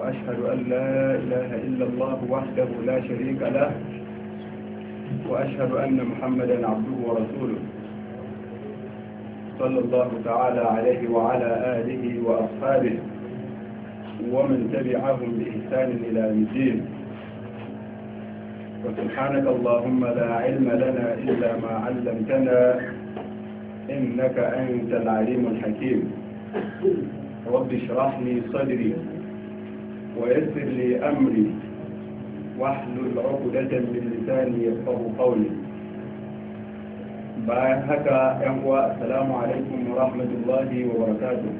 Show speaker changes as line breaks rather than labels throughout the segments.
وأشهد أن لا إله إلا الله وحده لا شريك له وأشهد أن محمدا عبده ورسوله صلى الله تعالى عليه وعلى آله وأصحابه ومن تبعهم بإحسان إلى الدين وسبحانك اللهم لا علم لنا إلا ما علمتنا إنك أنت العليم الحكيم رب اشرح لي صدري ويسر لي أمري واحلل عقدة من لساني يفقه قولي بعد هكا يا السلام عليكم ورحمة الله وبركاته.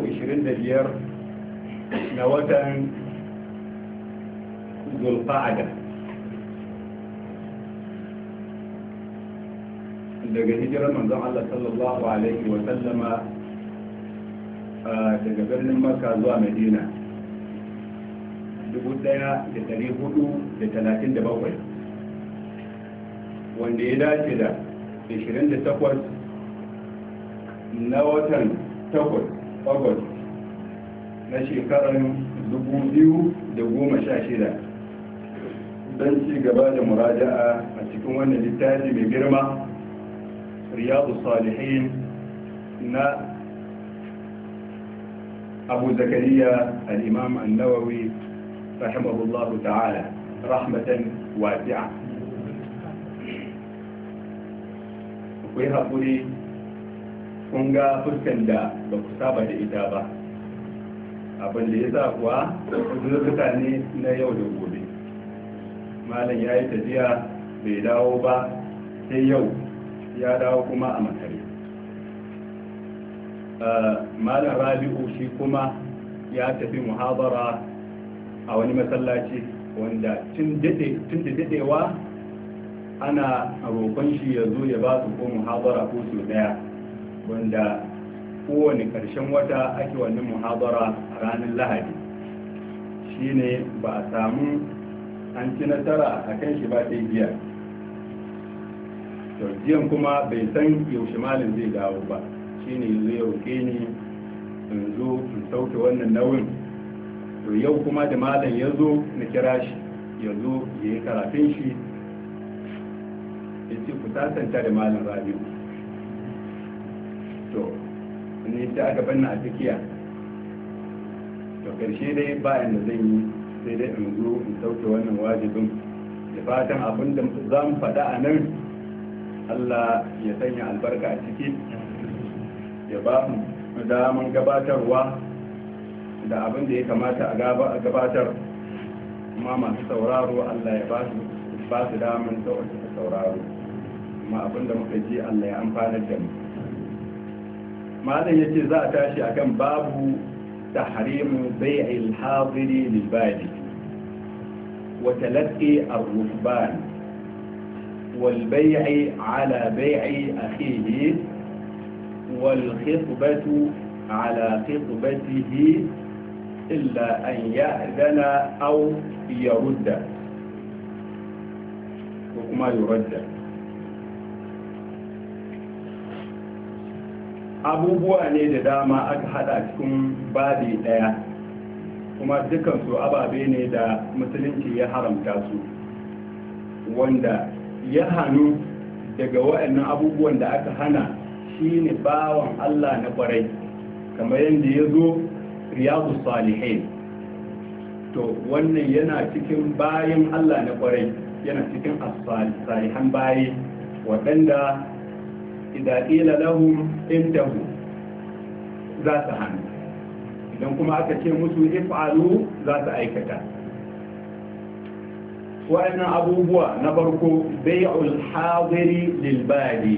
yau 25 na watan zulfa'ada daga hijirar manzon Allah sallallahu alaihi wa sallama daga birnin maka zuwa Madina 1437 wanda ya dace da 28 na watan 8 takwas na shekarar dubu biyu da goma sha shida don ci gaba da muraja'a a cikin wannan littafi mai girma riyadu salihin na abu zakariya al'imam annawawi rahimahullahu ta'ala rahmatan wasi'a akwai haƙuri kun ga fuskan da ba ku saba da ita ba abin da ya sa kuwa zurfuka ne na yau da gobe malam ya yi tafiya bai dawo ba sai yau ya dawo kuma a makare malam rabi'u shi kuma ya tafi muhabara a wani masallaci wanda tun da dadewa ana roƙon shi ya zo ya ba su ko muhabara ko su daya wanda kowane ƙarshen wata ake wannan muhabara a ranar lahadi shi ne ba a samu an ci nasara a kan shi ba sai jiya to jiyan kuma bai san yaushe malin zai dawo ba shi ne yanzu ya roƙe ni in zo in sauke wannan nauyin to yau kuma da malam ya zo na kira shi ya zo ya yi karafin shi ya ce ku sasanta da malam rabiu ne ta aka banna a tsakiya to karshe dai bayan da zan yi sai dai in zo in sauke wannan wajibin da fatan abin da za mu faɗa a nan allah ya sanya albarka a ciki ya ba mu daman gabatarwa da abin da ya kamata a gabatar kuma masu sauraro allah ya ba su daman sauraro kuma abin da muka ji allah ya amfanar da mu malam yace za a tashi akan babu tahrimu bai'il hadiri lil badi wa talaqi ar-rukban wal bai'i ala bai'i akhihi wal khitbatu ala khitbatihi illa an ya'dana aw yarudda ko kuma yuradda abubuwa ne da dama aka hada cikin babi daya kuma dukansu ababe ne da musulunci ya haramta su wanda ya hannu daga wa'annan abubuwan da aka hana shine bawan Allah na kwarai kamar yadda ya zo riyadu salihin to wannan yana cikin bayan Allah na kwarai yana cikin salihan bayi waɗanda idza qila lahum intahu za su hannu idan kuma aka ce musu if'alu za su aikata wa'annan abubuwa na farko bai'ul hadiri lil badi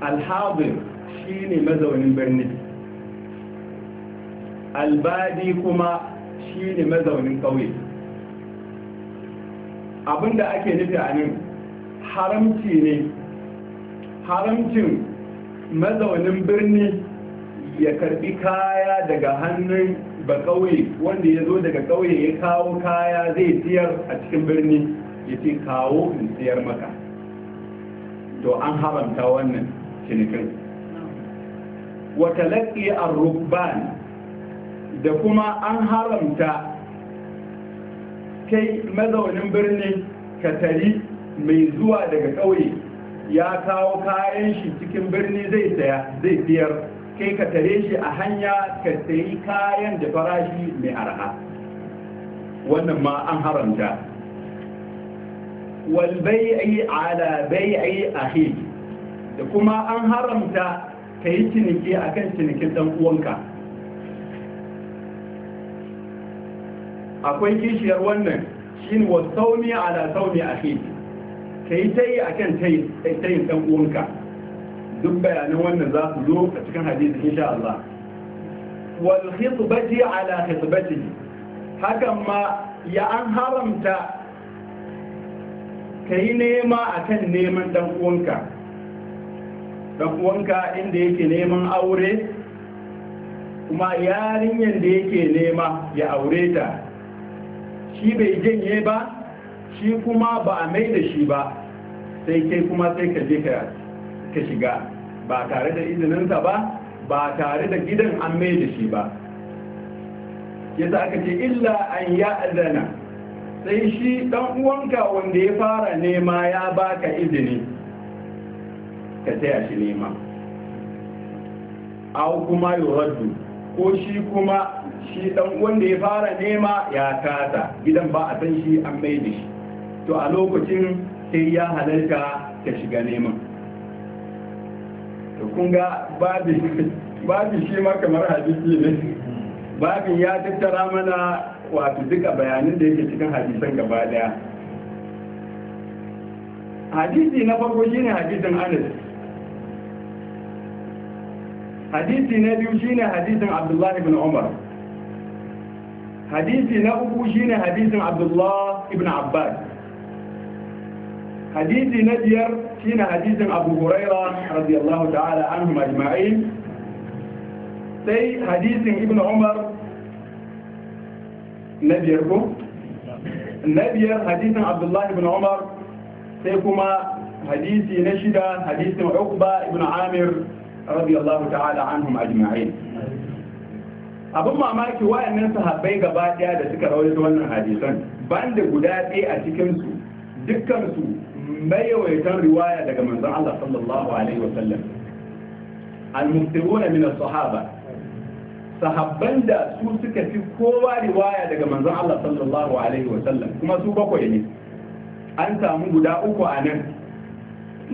al hadir shine mazaunin birni al badi kuma shine mazaunin kauye abinda ake nufi a nan haramci ne haramcin mazaunin birni ya karbi kaya daga hannun ba kauye wanda ya zo daga kauye ya kawo kaya zai siyar a cikin birni ya ce kawo in siyar maka to an haramta wannan cinikin wata laƙi a rubban da kuma an haramta kai mazaunin birni ka tari mai zuwa daga ƙauye ya kawo kayan shi cikin birni zai saya zai siyar kai ka tare shi a hanya ka sayi kayan da farashi mai arha wannan ma an haramta wal bai'i ala bai'i ahi da kuma an haramta ka yi ciniki akan cinikin dan uwanka akwai kishiyar wannan shine wasauni ala sauni ahi ka yi ta yi a kan yi ɗan uwanka duk bayanan wannan za su zo a cikin hadisi insha Allah wal khitbati ala khitbatihi hakan ma ya an haramta ka yi nema a kan neman ɗan uwanka ɗan uwanka inda yake neman aure kuma yarinyar da yake nema ya aure ta shi bai janye ba shi kuma ba a mai da shi ba sai kai kuma sai ka je ka shiga ba tare da izininsa ba ba tare da gidan an mai da shi ba yasa aka ce illa an ya sai shi dan uwanka wanda ya fara nema ya baka izini ka taya shi nema au kuma yuraddu ko shi kuma shi dan wanda ya fara nema ya kata gidan ba a san shi an mai da shi to a lokacin sai ya halarta ta shiga neman to kun ga babin shi ma kamar hadisi ne babin ya tattara mana wato duka bayanin da yake cikin hadisan gaba daya hadisi na farko shine hadisin anas hadisi na biyu shine hadisin abdullahi ibn umar hadisi na uku shine hadisin abdullahi ibn abbas hadisi na biyar حديث hadisin abu huraira الله تعالى عنهم أجمعين sai hadisin ibn umar na biyar حديث na biyar hadisin abdullahi ibn umar sai kuma hadisi na shida hadisin الله ibn amir أجمعين ta'ala abin mamaki wayannan sahabbai gaba daya da suka rawaito wannan hadisan banda guda ɗaya a cikin su dukkan su kan riwaya daga manzo Allah sallallahu alaihi wa sallam al muktabuna min as-sahaba sahabban da su suka fi kowa riwaya daga manzo Allah sallallahu alaihi wa sallam kuma su bakwai ne an samu guda uku a nan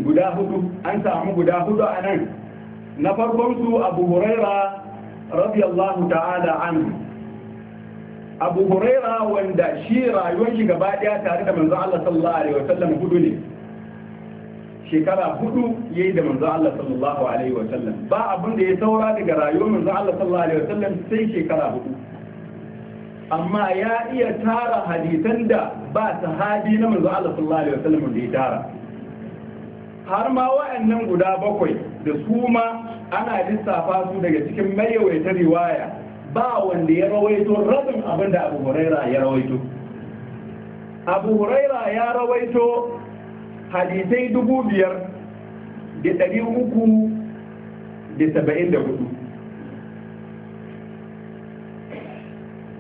guda hudu an samu guda hudu a nan na farkon su Abu Huraira radiyallahu ta'ala anhu Abu Huraira wanda shi rayuwar shi gaba daya tare da manzo Allah sallallahu alaihi wa sallam hudu ne shekara hudu ya yi da manzo Allah sallallahu alaihi wa sallam ba abin da ya saura daga rayuwar manzo Allah sallallahu alaihi wa sallam sai shekara hudu amma ya iya tara hadisan da ba sahabi na manzo Allah sallallahu alaihi wa sallam da ya tara har ma wa'annan guda bakwai da su ma ana lissafa su daga cikin mayawaita riwaya ba wanda ya rawaito rabin abin da Abu Huraira ya rawaito Abu Huraira ya rawaito hadisai dubu biyar da ɗari uku da saba'in da hudu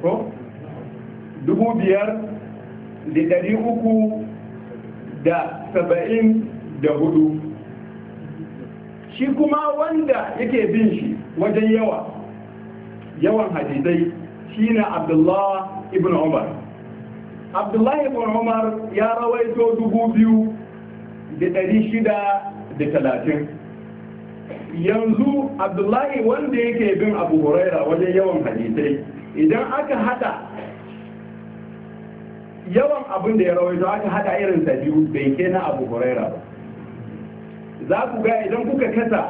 ko dubu biyar da ɗari uku da saba'in da hudu shi kuma wanda yake bin shi wajen yawa yawan hadisai shi shine abdullah ibn umar abdullahi ibn umar ya rawaito dubu biyu da da talatin yanzu abdullahi wanda yake bin abu huraira wajen yawan hadisai idan aka hada yawan abin da ya rawaito aka hada irin sa biyu bai ke na abu huraira ba za ku ga idan kuka kasa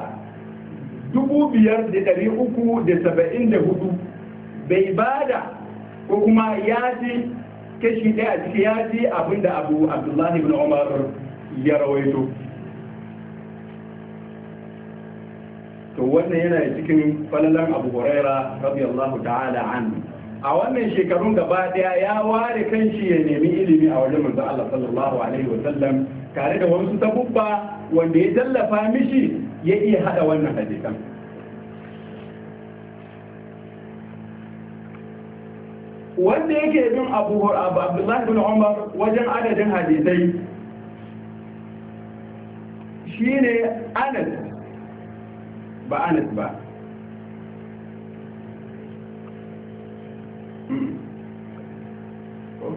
dubu biyar da da bai bada ko kuma ya ci kashi ɗaya a ciki ya ci abin da abu abdullahi bin umar ya rawaito to wannan yana cikin falalan abu huraira radiyallahu ta'ala an a wannan shekarun gaba daya ya ware kanshi ya nemi ilimi a wajen manzo Allah sallallahu alaihi Sallam tare da wasu tabubba wanda ya tallafa mishi ya iya hada wannan hadisan wanda yake bin abu abdullahi bin umar wajen adadin hadisai ne anas ba anas ba hmm. oh.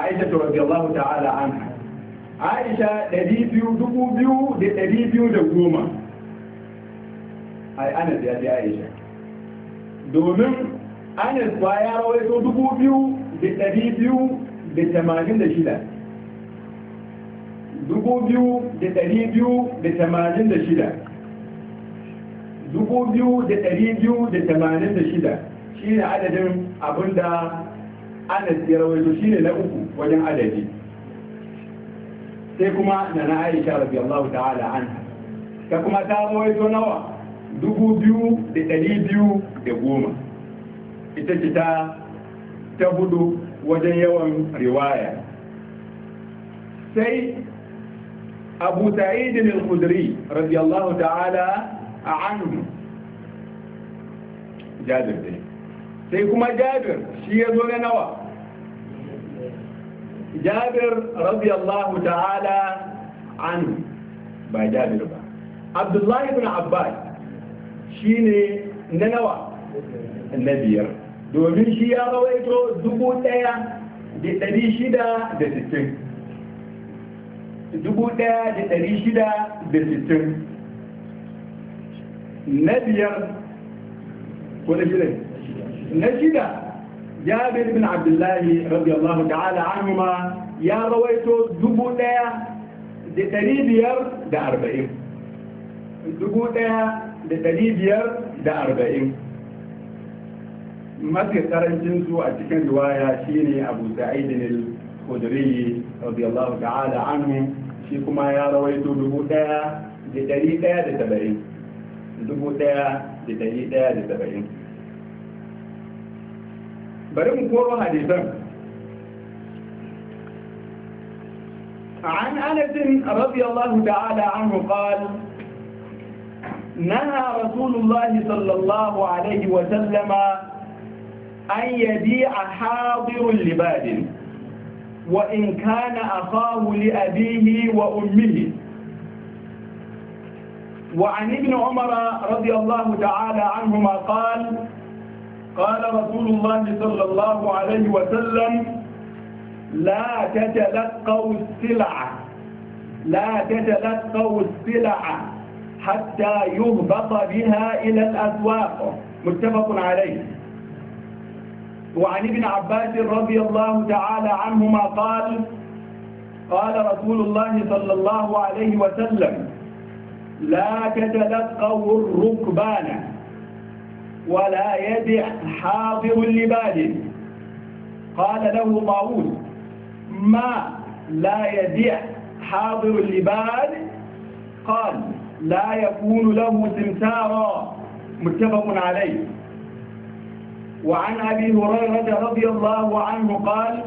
aisha ta radiyallahu ta'ala anha aisha 2,210 ai anas ya ce aisha domin anas ba ya rawaito 2,286 2286 shi ne adadin abinda anas ya rawaito shi ne na uku wajen adadi sai kuma na na aisha rabi allahu ta'ala an ta kuma ta rawaito nawa 2210 ita ce ta ta hudu wajen yawan riwaya sai أبو سعيد الخدري رضي الله تعالى عنه جابر دي سيكما جابر شيء يزول نوا جابر رضي الله تعالى عنه با جابر با عبد الله بن عباس شيني ننوا النبي domin shi ya rawaito dubu ɗaya دي تدي shida دي sittin جابر بن عبد الله رضي الله تعالى عنهما يا رويت دبودا دتريبير دا 40 دبودا دتريبير دا 40 ما في ترنجين سو ا cikin riwaya shine Abu Sa'id رضي الله تعالى عنه shi kuma ya rawaito dubu daya da dari daya da saba'in dubu daya da dari daya da saba'in bari mu koro hadisan عن أنس رضي الله تعالى عنه قال نهى رسول الله صلى الله عليه وسلم أن يبيع حاضر لبادل وإن كان أخاه لأبيه وأمه وعن ابن عمر رضي الله تعالى عنهما قال قال رسول الله صلى الله عليه وسلم لا تتلقوا السلع لا تتلقوا السلع حتى يهبط بها إلى الأسواق متفق عليه وعن ابن عباس رضي الله تعالى عنهما قال قال رسول الله صلى الله عليه وسلم لا تتلقوا الركبان ولا يدع حاضر لباد قال له طاووس ما لا يدع حاضر لباد قال لا يكون له سمسارا متفق عليه وعن أبي هريرة رضي الله عنه قال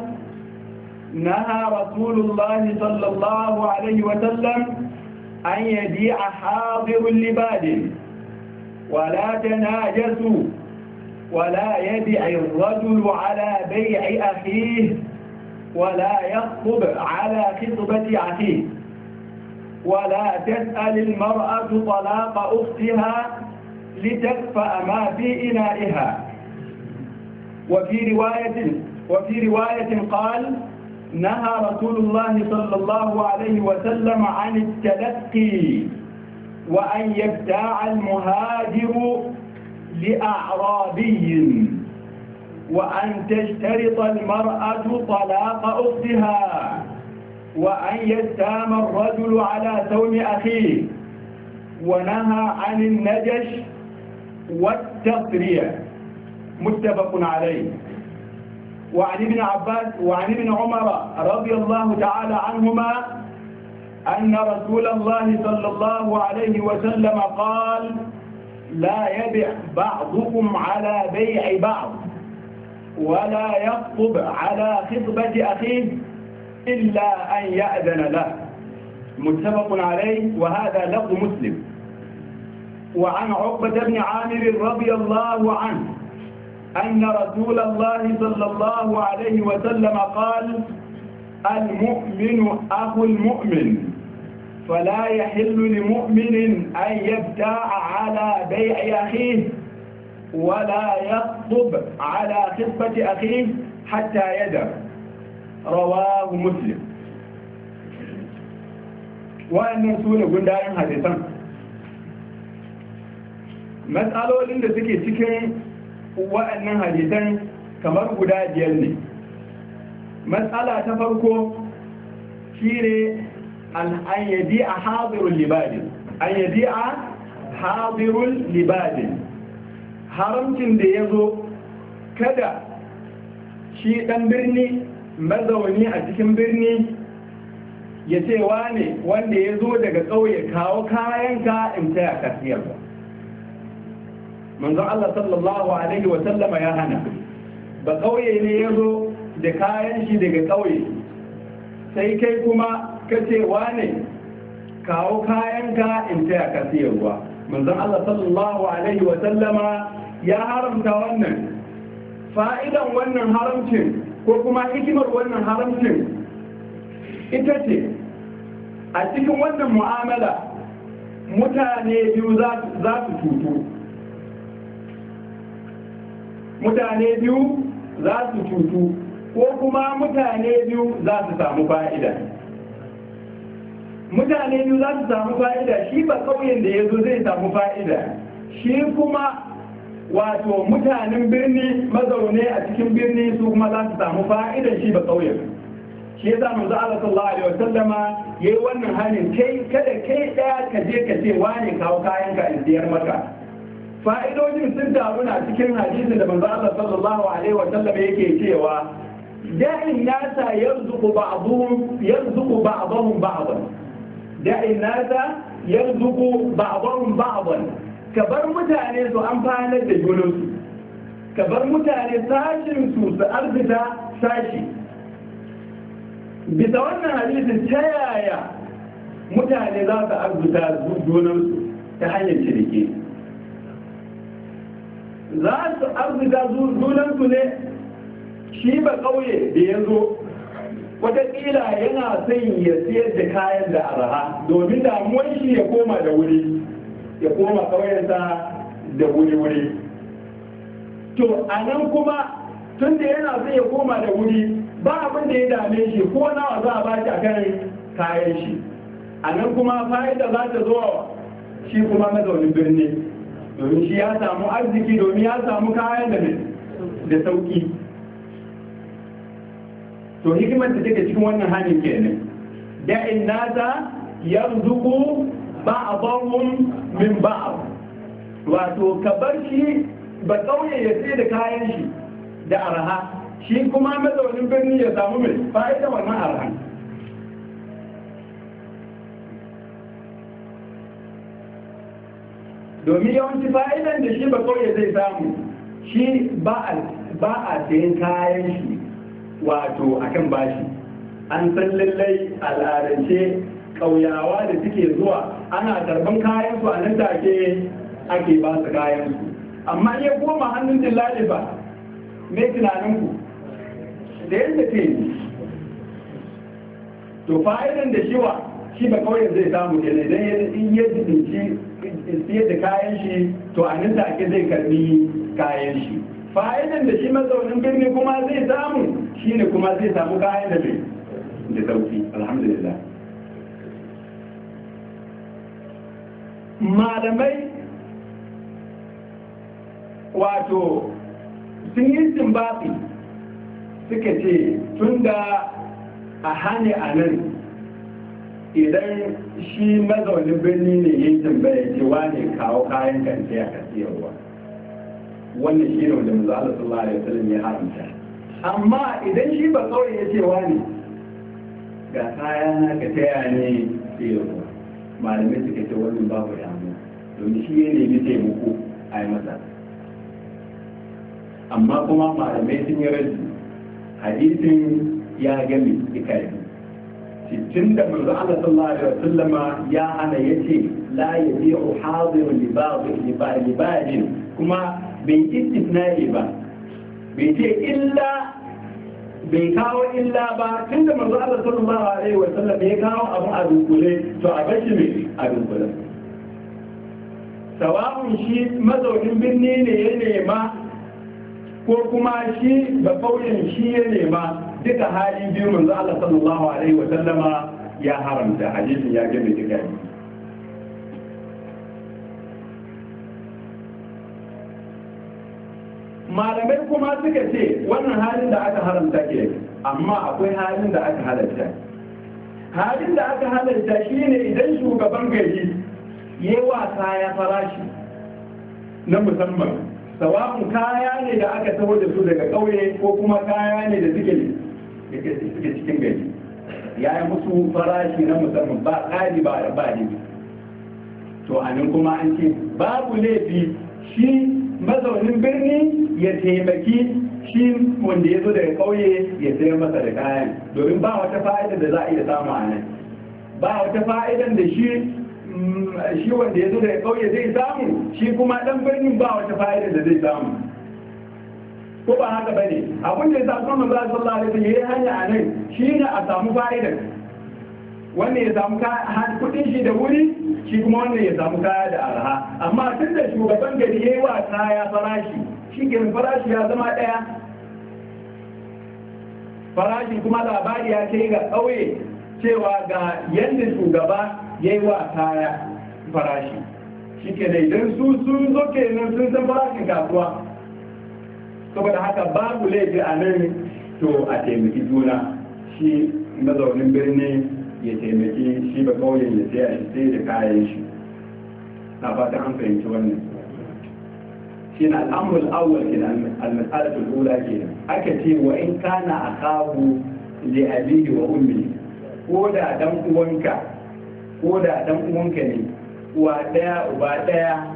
نهى رسول الله صلى الله عليه وسلم أن يبيع حاضر لباد ولا تناجسوا ولا يدع الرجل على بيع أخيه ولا يخطب على خطبة أخيه ولا تسأل المرأة طلاق أختها لتكفأ ما في إنائها وفي رواية وفي رواية قال نهى رسول الله صلى الله عليه وسلم عن التلقي وأن يبتاع المهاجر لأعرابي وأن تشترط المرأة طلاق أختها وأن يستام الرجل على ثوم أخيه ونهى عن النجش والتطرية متفق عليه وعن ابن عباس وعن ابن عمر رضي الله تعالى عنهما أن رسول الله صلى الله عليه وسلم قال لا يبع بعضكم على بيع بعض ولا يخطب على خطبة أخيه إلا أن يأذن له متفق عليه وهذا لفظ مسلم وعن عقبة بن عامر رضي الله عنه أن رسول الله صلى الله عليه وسلم قال المؤمن أخو المؤمن فلا يحل لمؤمن أن يبتاع على بيع أخيه ولا يخطب على خطبة أخيه حتى يدر رواه مسلم وأن سورة قندائم حديثا مسألة لندسكي سكين wa'annan hadisan kamar guda biyar ne matsala ta farko ne an yadi a hadirul libadin an yadi a hadirul libadin haramcin da ya zo kada shi ɗan birni mazauni a cikin birni ya ce wa ne wanda ya zo daga ƙauye kawo kayanka in taya kasiyar ba manzo Allah sallallahu alaihi wa sallama ya hana ba kauye ne ya zo da kayan shi daga kauye sai kai kuma ka ce wane kawo kayanka in taya ka siyarwa manzo Allah sallallahu alaihi wa sallama ya haramta wannan fa'idan wannan haramcin ko kuma hikimar wannan haramcin ita ce a cikin wannan mu'amala mutane biyu za su tutu mutane biyu za su cutu ko kuma mutane biyu za su samu fa'ida mutane biyu za su samu fa'ida shi ba kauyen da ya zo zai samu fa'ida shi kuma wato mutanen birni mazaune a cikin birni su kuma za su samu fa'idan shi ba kauyen shi yasa manzo za'ala sallallahu alaihi wasallama yayi wannan halin kai kada kai ɗaya ka je ka ce wani kawo kayan ka in siyar maka fa'idojin sun damu na cikin hadisi da manzo Allah sallallahu alaihi wa sallam yake cewa da'in nasa yarzuqu ba'dhum yarzuqu ba'dhum ba'dhan da'in nasa yarzuqu ba'dhum ba'dhan kabar mutane su amfanar da junansu kabar mutane sashin su su arzita sashi bisa wannan hadisi ta yaya mutane za su arzuta junansu ta hanyar ciniki za su arzika junansu ne shi ba kauye da ya zo watakila yana son ya siyar da kayan da araha domin damuwar shi ya koma da wuri ya koma ƙauyensa da wuri-wuri to a nan kuma tun da yana son ya koma da wuri ba abin da ya dame shi ko nawa za a bashi a kan kayan shi a nan kuma fa'ida za ta zo shi kuma mazaunin birni domin shi ya samu arziki domin ya samu kayan da da sauki to hikimar da take cikin wannan hanyar kenan zuku ba a ba'dhum min ba'd wato ka bar shi ba kauye ya sai da kayan shi da arha shi kuma mazaunin birni ya samu mai fa'ida wannan arhan domin yawanci fa'idan da shi ba kawai zai samu shi ba a sayan kayan shi wato akan bashi an san lallai al'adance ƙauyawa da suke zuwa ana tarban kayan su a nan take ake ba su kayan su amma iya goma hannun dillali ba me tunanin ku da yadda ke to fa'idan da wa shi ba kawai zai samu kenan idan ya dinci siyar da kayan shi to a nan take zai karbi kayan shi fa'idan da shi mazaunin birni kuma zai samu shine kuma zai samu kayan da zai da sauki alhamdulillah malamai wato sun yi simbabi suka ce tun da a hane a nan idan shi mazaunin birni ne ya yi tambaya cewa ne kawo kayan kan sai aka siyarwa wannan shi ne wanda manzo Allah sallallahu alaihi wasallam ya haramta amma idan shi ba kawai ya ce ne ga kaya na ka taya ne siyarwa malamai suka ce wannan babu damu domin shi ya nemi taimako a yi masa amma kuma malamai sun yi raji hadisin ya gami ikari tun da manzo Allah sallallahu alaihi wasallam ya hana yace la yabi'u hadir li ba'd li kuma bai istisna'i ba bai ce illa bai kawo illa ba tun da manzo Allah sallallahu alaihi wasallam ya kawo abu a dunkule to a bashi ne a dunkule sawa'un shi mazaunin birni ne ya nema ko kuma shi da kauyen shi ya nema duka hali biyu manzo Allah sallallahu alaihi wa sallama ya haramta hadisin ya gane duka malamai kuma suka ce wannan halin da aka haramta ke amma akwai halin da aka halarta halin da aka halarta shine idan shugaban gari ya wasa ya farashi na musamman sawa'un kaya ne da aka taho da su daga ƙauye ko kuma kaya ne da suke suke cikin gari ya yi musu farashi na musamman ba ƙari ba ba ne to a nan kuma an ce babu laifi shi mazaunin birni ya taimaki shi wanda ya zo daga ƙauye ya sayar masa da kayan domin ba wata fa'ida da za a iya samu a nan ba wata fa'idan da shi mm, shi wanda ya zo daga ƙauye zai samu shi kuma dan birnin ba wata fa'ida da zai samu ko ba haka ba ne abin da ya sa kuma manzo sallallahu alaihi wasallam ya hanya a nan shi ne a samu fa'idar wanda ya samu kudin shi da wuri shi kuma wanda ya samu kaya da arha amma tun da shugaban gari ya yi wa kaya farashi shi girin farashi ya zama ɗaya farashi kuma labari ya kai ga ƙauye cewa ga yadda shugaba ya yi wa kaya farashi shi ke idan su sun zo kenan sun san farashin kasuwa saboda haka babu laifi a nan to a taimaki juna shi mazaunin birni ya taimaki shi ba kauyen ya a shi sai da kayan shi na fata an fahimci wannan shi na al'amul awal ke da al-mas'alatul ula ke aka ce wa in kana akahu li abihi wa ummi ko da dan uwanka ko da dan uwanka ne uwa daya uba daya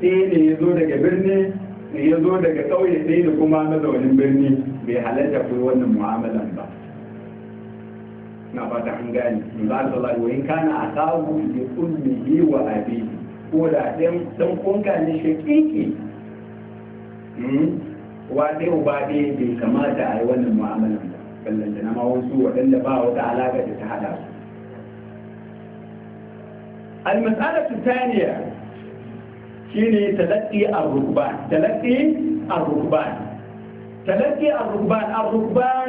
sai ne ya zo daga birni ya zo daga ƙauye ɗaya da kuma mazaunin birni bai halatta ku wannan mu'amalan ba na fata an gane in za su lai wani kana a sabu da ummihi wa abi ko da ɗan ɗan kunka ne shi shakiki hmm, wa ɗaya uba ɗaya bai kamata a yi wannan mu'amalan ba ballanta na ma wasu waɗanda ba wata alaƙa da ta haɗa su المسألة الثانية shine talaqqi ar-rukban talaqqi ar-rukban talaqqi ar-rukban ar-rukban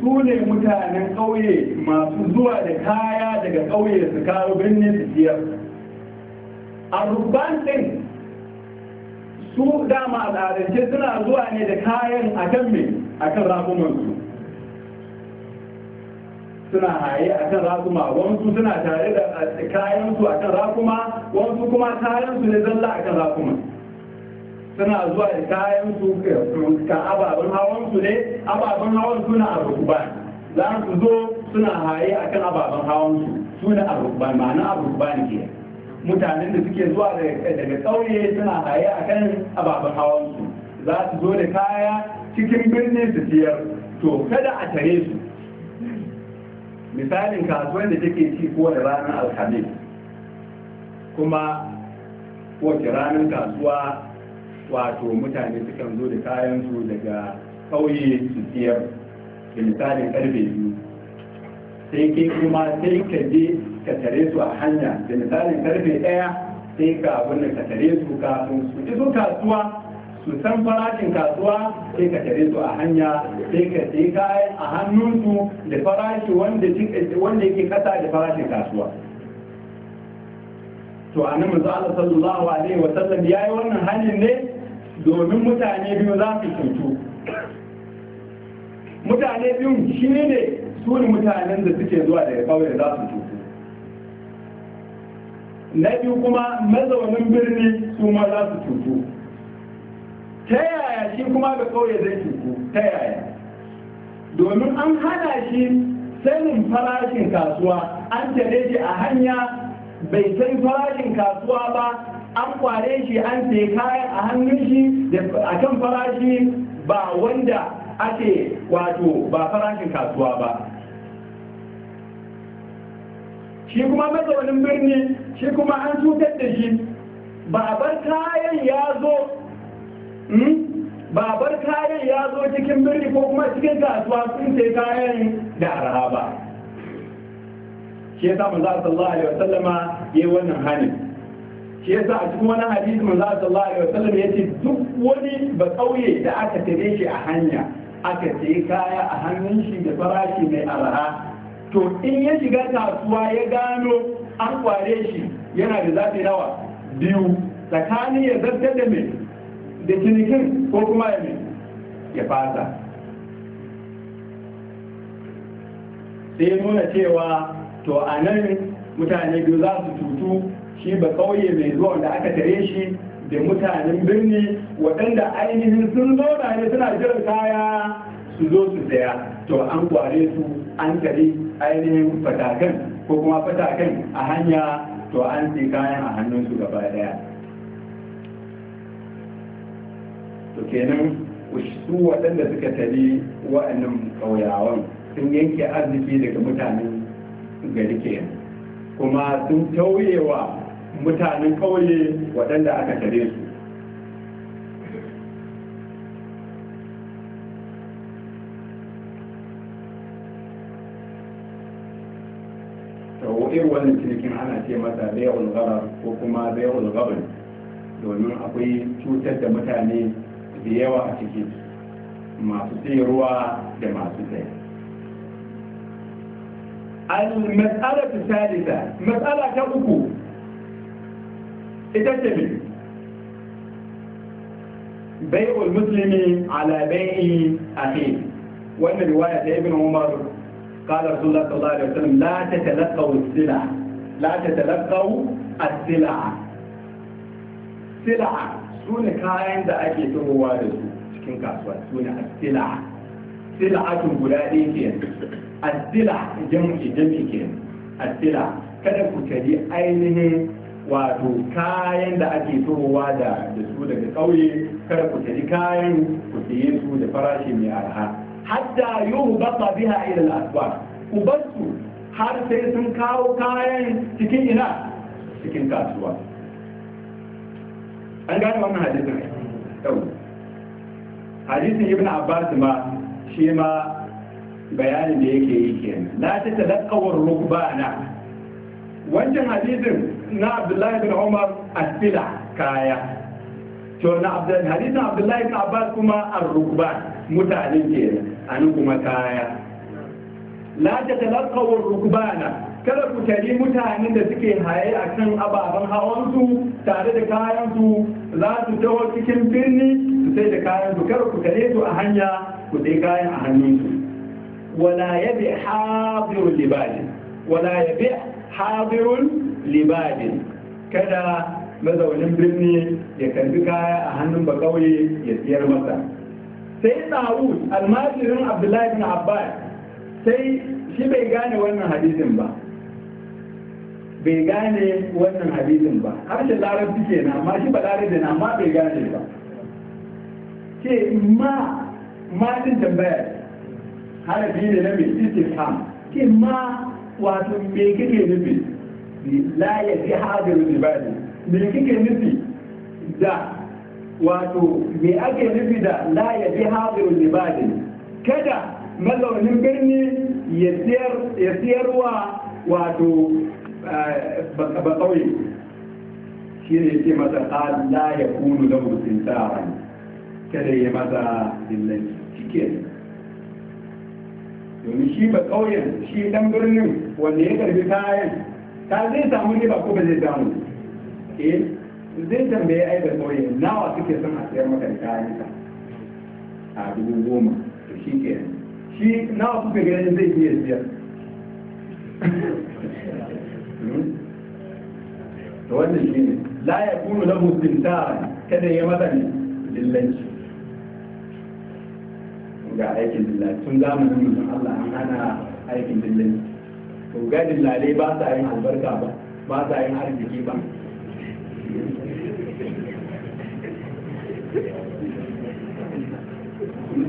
sune mutanen kauye masu zuwa da kaya daga kauye su kawo birnin su siyar ar-rukban din su dama al'adance suna zuwa ne da kayan akan me akan ragumansu suna haye a kan rakuma wansu suna tare da kayansu a kan rakuma wansu kuma kayansu ne zalla a kan rakuma suna zuwa da kayansu eh, ka ababen hawansu ne ababen hawan suna a rukuban za su zo suna haye a kan ababen hawansu suna a rukuban ma'ana a rukuban ke mutanen da suke zuwa daga ƙauye suna haye a kan ababen hawansu za su zo da kaya cikin birnin su siyar to kada a tare su misalin kasuwan da take ci ko da ranar alhamis kuma kowace ranar kasuwa wato mutane kan zo da kayan su daga kauye su siyar da misalin karfe biyu sai ke kuma sai ka je ka tare su a hanya da misalin karfe ɗaya sai ka abin ka tare su kafin su iso kasuwa su san farashin kasuwa sai ka tare su a hanya sai ka sai kayan a hannunsu da farashi wanda yake kasa da farashin kasuwa to a nan manzo Allah sallallahu alaihi wa sallam yi wannan hanyar ne domin mutane biyu za su cutu mutane biyu shi ne su ne mutanen da suke zuwa daga kauye za su cutu na biyu kuma mazaunin birni su ma za su cutu ta yaya shi kuma da kauye zai ta yaya domin an hana shi sanin farashin kasuwa an tare shi a hanya bai san farashin kasuwa ba an kware shi an ce kayan a hannun shi a kan farashi ba wanda ake wato ba farashin kasuwa ba shi kuma mazaunin birni shi kuma an cutar da shi ba bar kayan ya zo Hmm? babar kayan ya zo cikin birni ko kuma cikin kasuwa sun ce kayan da araha ba shi yasa manzo sallallahu alaihi wasallama yi wannan hani shi yasa a cikin wani hadisi manzo sallallahu alaihi wasallam ce duk wani ba kauye da aka tare shi a hanya aka ce kaya a hannun shi da farashi mai araha? to in ya shiga kasuwa ya gano an kware shi yana da zafi nawa biyu tsakani ya zartar da mai da cinikin ko kuma ya ne ya fasa sai nuna cewa to a nan mutane biyu za su cutu shi ba kauye mai zuwa da aka tare shi da mutanen birni waɗanda ainihin sun da ne suna jiran kaya su zo su saya to an kware su an tare ainihin fatakan ko kuma fatakan a hanya to an sai kayan a hannunsu gaba daya to kenan su waɗanda suka tare wa'annan ƙauyawan sun yanke arziki daga mutanen gari ke kuma sun tauyewa wa mutanen ƙauye waɗanda aka tare su irin wannan cinikin ana ce masa zai ulgara ko kuma zai ulgarin domin akwai cutar da mutane da yawa a ciki masu tsayarwa da masu tsaye المسألة الثالثة مسألة كأكو اتتبه بيع المسلم على بيع أخيه وأن رواية ابن عمر قال رسول الله صلى الله عليه وسلم لا تتلقوا السلع لا تتلقوا السلع سلعة su ne kayan da ake tahowa da su cikin kasuwa su ne asila sila'atun guda ɗaya ke yanzu. asila jam'i jam'i ke yanzu. asila kada ku tari ainihin wato kayan da ake tahowa da su daga ƙauye kada ku tari kayan ku siye su da farashi mai arha hatta ba sa biya ila al-aswaq ku bar su har sai sun kawo kayan cikin ina cikin kasuwa an gane wannan hadisin yau hadisin ibn abbas ma shi ma bayanin da yake yi kenan la ta talaqqawar rukbana wancan hadisin na abdullahi bin umar asila kaya to na hadisin abdullahi bin abbas kuma ar-rukban mutane kenan anan kuma kaya la ta talaqqawar rukbana kada ku tari mutanen da suke haye a kan ababen hawansu tare da kayansu za su taho cikin birni su sai da kayansu kada ku tare su a hanya ku sai kayan a hannunsu wala ya bi hadirun libadin wala ya bi hadirun libadin kada mazaunin birni ya karbi kaya a hannun ba kauye ya siyar masa sai tsawus almajirin abdullahi bin abbas sai shi bai gane wannan hadisin ba bai gane wannan hadisin ba harshen larabci ke na amma shi ba larabci na amma bai gane ba
ce ma
matin tambayar tambaya harafi ne na mai istifham ce ma wato me kike nufi la ya fi hadiru ne me kike nufi da wato me ake nufi da la ya fi hadiru ne kada mazaunin birni ya siyarwa wato ba kawai shi ne ce masa Allah ya kunu da mutum tsara kada ya masa dillan cike domin shi ba kawai shi dan birnin wanda ya karbi kayan ta zai samu ne ba ko ba zai samu eh zai tambaye ai da kawai nawa suke son a tsayar maka da kayan ka a dubu goma to shi ke shi nawa suke ganin zai iya siyar to wannan shi ne la ya kunu na musulta kada ya mata ne lillanci ga aikin lillanci tun zamanin mutum Allah an hana aikin lillanci to ga dillalai ba sa yin albarka ba ba sa yin arziki ba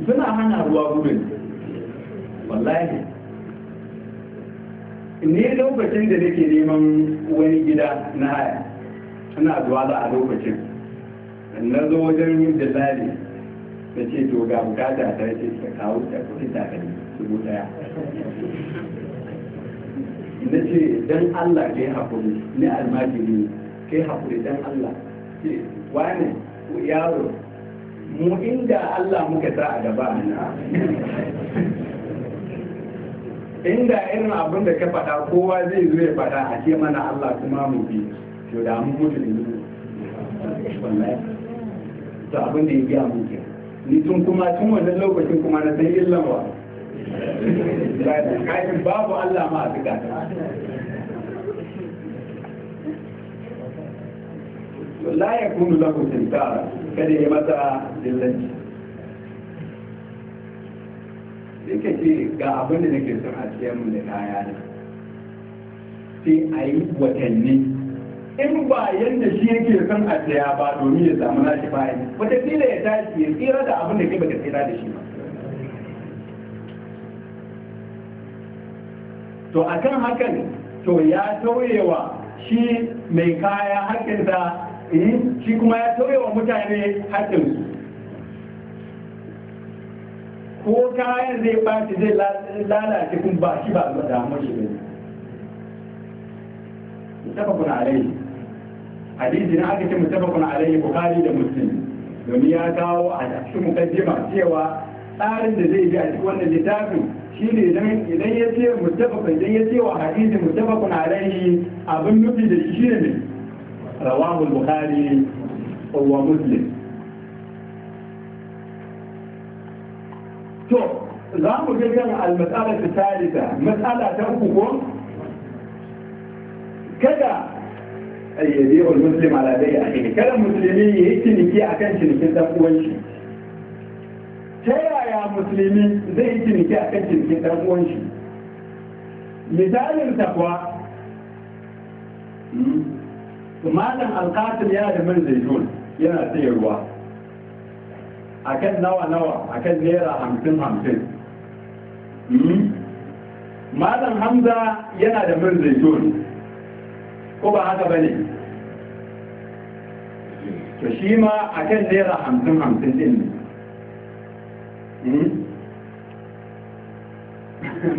suna hana ruwa gudun wallahi ni lokacin da nake neman wani gida na haya ina zuwa a lokacin na zo wajen yin da tsari da ce to ga bukata ta ce ta kawo ta kuɗi ta kai dubu ɗaya na ce don Allah kai hakuri ni almajiri kai hakuri dan Allah ce wani yaro mu inda Allah muka sa a gaba na inda irin abin da ka faɗa kowa zai zo ya faɗa a ce mana Allah kuma mu bi to da mun gudu ne wallahi to abin da ya biya mun ke ni tun kuma tun wannan lokacin kuma na san illan wa babu Allah ma a fita la yakunu lahu tintara kada ya mata dillanci sai ka ce ga abin da nake son a siya min da kaya na sai a yi watanni in ba yadda shi yake son a siya ba domin ya samu nashi bayan watakila ya tashi ya tsira da abin da ke baka tsira da shi ba to akan hakan to ya tauyewa shi mai kaya haƙƙinsa eh, shi kuma ya tauyewa mutane hakinsu ko kayan zai ɓaci zai lalace kun ba shi ba da mashi ne mutafakun alaihi hadisi na aka ce mutafakun alaihi bukari da muslim domin ya kawo a cikin mukaddima cewa tsarin da zai bi a cikin wannan littafin shi ne idan ya ce mutafakun idan ya ce wa hadisi mutafakun alaihi abin nufi da shi ne rawahul bukari wa muslim to za mu ga kan almasala ta talita mas'ala ta uku ko kada ayyabi wal muslim ala dai akhi kada musulmi ya yi ciniki akan cinikin dan uwan shi ta yaya musulmi zai yi ciniki akan cinikin dan uwan shi misalin takwa hmm, malam alqasim ya da man zaitun yana sayarwa akan nawa nawa akan naira hamsin hamsin malam hamza yana da min zaitun ko ba haka ba ne to shi ma akan naira hamsin hamsin din ne hmm?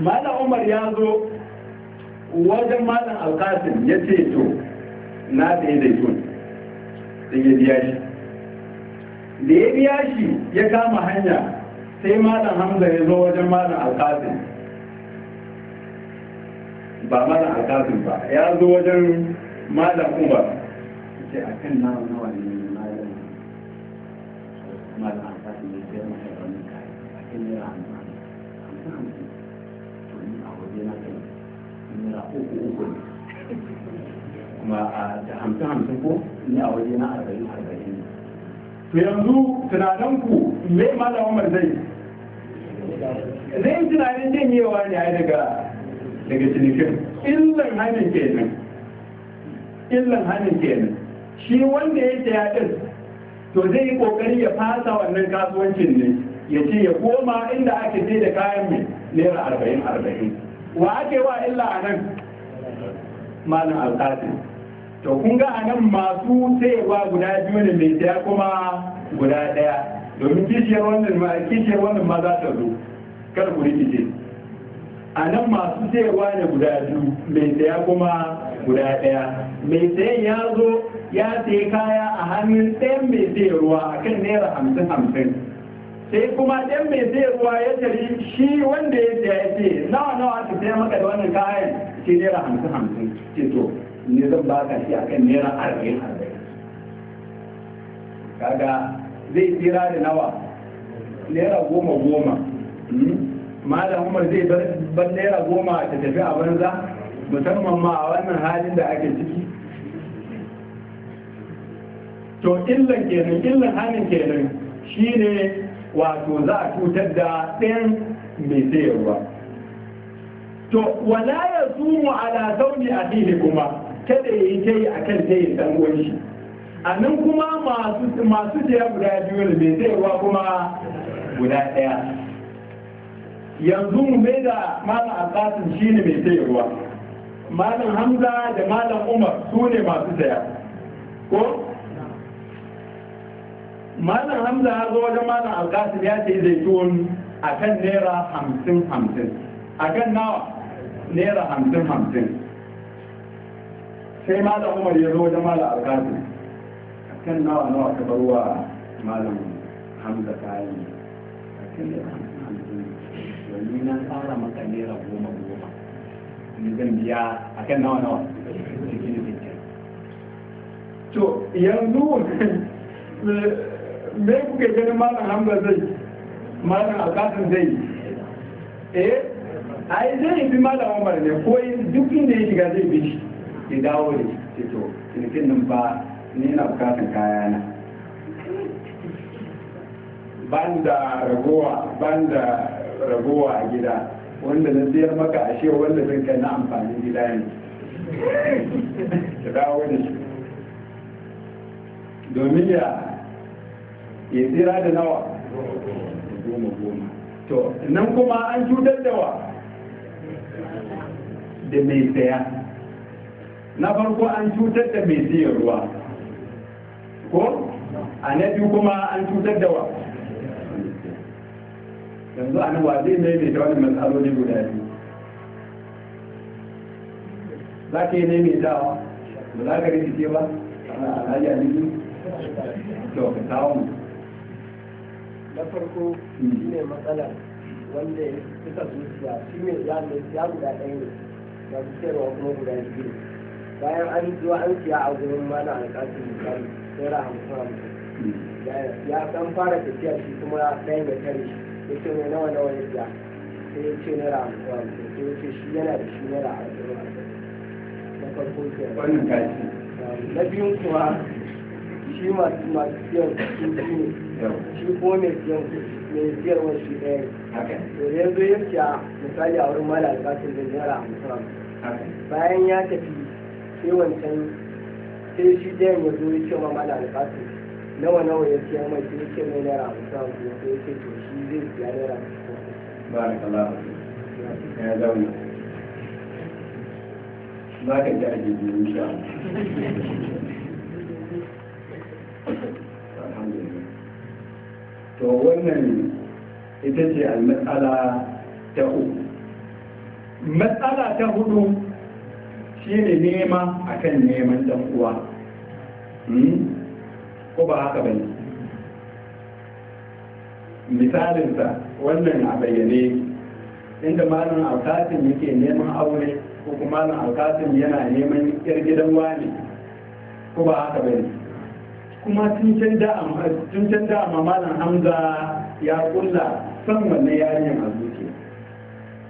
malam umar ya zo wajen malam alkasim ya ce to na da zaitun sai ya biya shi da ya biya shi ya kama hanya sai malam hamza ya zo wajen malam alkazin ba malam alkazin ba ya zo wajen malam kuma
ce a kan nawa nawa ne malam malam ya sayar masa ranar wani kayan a kan naira hamsin hamsin to ni a waje na kai nera uku uku ne kuma a hamsin hamsin ko ni a waje na arba'in
arba'in ne to yanzu tunaninku me malam Umar zai zai tunanin janyewa ne a daga daga cinikin illan hannun kenan illan hannun kenan shi wanda ya saya din to zai yi kokari ya fasa wannan kasuwancin ne ya ce ya koma inda ake sai da kayan mai naira arba'in arba'in wa ake wa illa a nan malam alƙasin to kun ga anan masu sayarwa guda biyu ne mai saya kuma guda ɗaya domin kishiyar wannan ma kishiyar wannan ma za ta zo kar ku rikice a nan masu sayarwa ne guda biyu mai saya kuma guda ɗaya mai sayan ya zo ya sayi kaya a hannun ɗayan mai sayarwa a kan naira hamsin hamsin sai kuma ɗan mai sayarwa ya tari shi wanda ya saya ce nawa nawa su saya maka da wannan kayan shi naira hamsin hamsin ce to ne zan ba ka shi akan nera naira arba'in arba'in kaga zai tsira da nawa naira goma goma hmm? malam umar zai bar naira goma ta tafi a banza musamman ma a wannan halin da ake ciki to illan kenan illan hannun kenan shine wato za a cutar da ɗayan mai sayarwa to wala ya zumu ala zauni a kuma kada ya yi ta yi a kan tayin ɗan uwanshi a nan kuma masu taya guda biyu ne mai wa kuma guda ɗaya yanzu mu mai da malam alƙasin shi ne mai ruwa. malam hamza da malam umar su ne masu taya ko malam hamza ya zo wajen malam alƙasin ya ce zai tuwon a kan naira hamsin hamsin a kan nawa naira hamsin hamsin sai malam umar ya zo wajen malam alkazi a kan nawa nawa ka bar wa malam hamza kayi a kan da wani na tsara maka naira goma goma ni zan biya a
kan nawa nawa cikin cikin
to yanzu eh, me kuke ganin malam hamza zai malam alkazi zai eh ai zai bi malam umar ne ko duk inda ya shiga zai bi shi ya dawo da shi to cinikin nan ba ni na bukatan kaya na ban da ragowa ban da ragowa a gida wanda na siyar maka ashe wanda zan kai na amfanin gida ne ya dawo da shi domin ya ya tsira da nawa goma goma to nan kuma an cutar da wa da mai saya na farko an cutar da mai siyan ruwa ko a na biyu kuma an cutar da wa yanzu an waje mai mai da wani matsaloli guda biyu za ka yi ne mai dawa ba za ka rikice ba a alhaji a jiki to ka kawo
mu na farko hmm. shi ne matsalar wanda ya fita zuciya shi ne ya guda ɗaya ne ya fi cewa kuma guda biyu bayan an zuwa an siya a gurin mana alƙasin misali naira hamsin hamsin ya san fara tafiya shi kuma ɗayan da tare shi ya ce mai nawa nawa ya siya sai ya ce naira hamsin hamsin sai ya ce shi yana da shi naira arba'in arba'in na farko ke na biyun kuwa shi masu masu siyan su ne shi ko mai siyan mai siyarwa shi ɗaya to yanzu ya siya misali a wurin mala alƙasin da naira hamsin bayan ya tafi sai wancan sai shi dayan ya zo ya ce ma mala alƙasin nawa nawa ya siya mai sai ce mai naira hamsin hamsin sai ya ce to shi zai siya naira hamsin. barakallahu ya zauna za ka ji ake biyu sha
to wannan ita ce al-matsala ta uku matsala ta hudu shine nema a kan neman dan uwa hmm? ko ba haka bane misalinsa wannan a bayyane inda malam alkatin yake neman aure ko kuma malam alkatin yana neman yar gidan wani ko ba haka bane kuma tun can da amma malam hamza ya kulla san wannan yayin a zuciya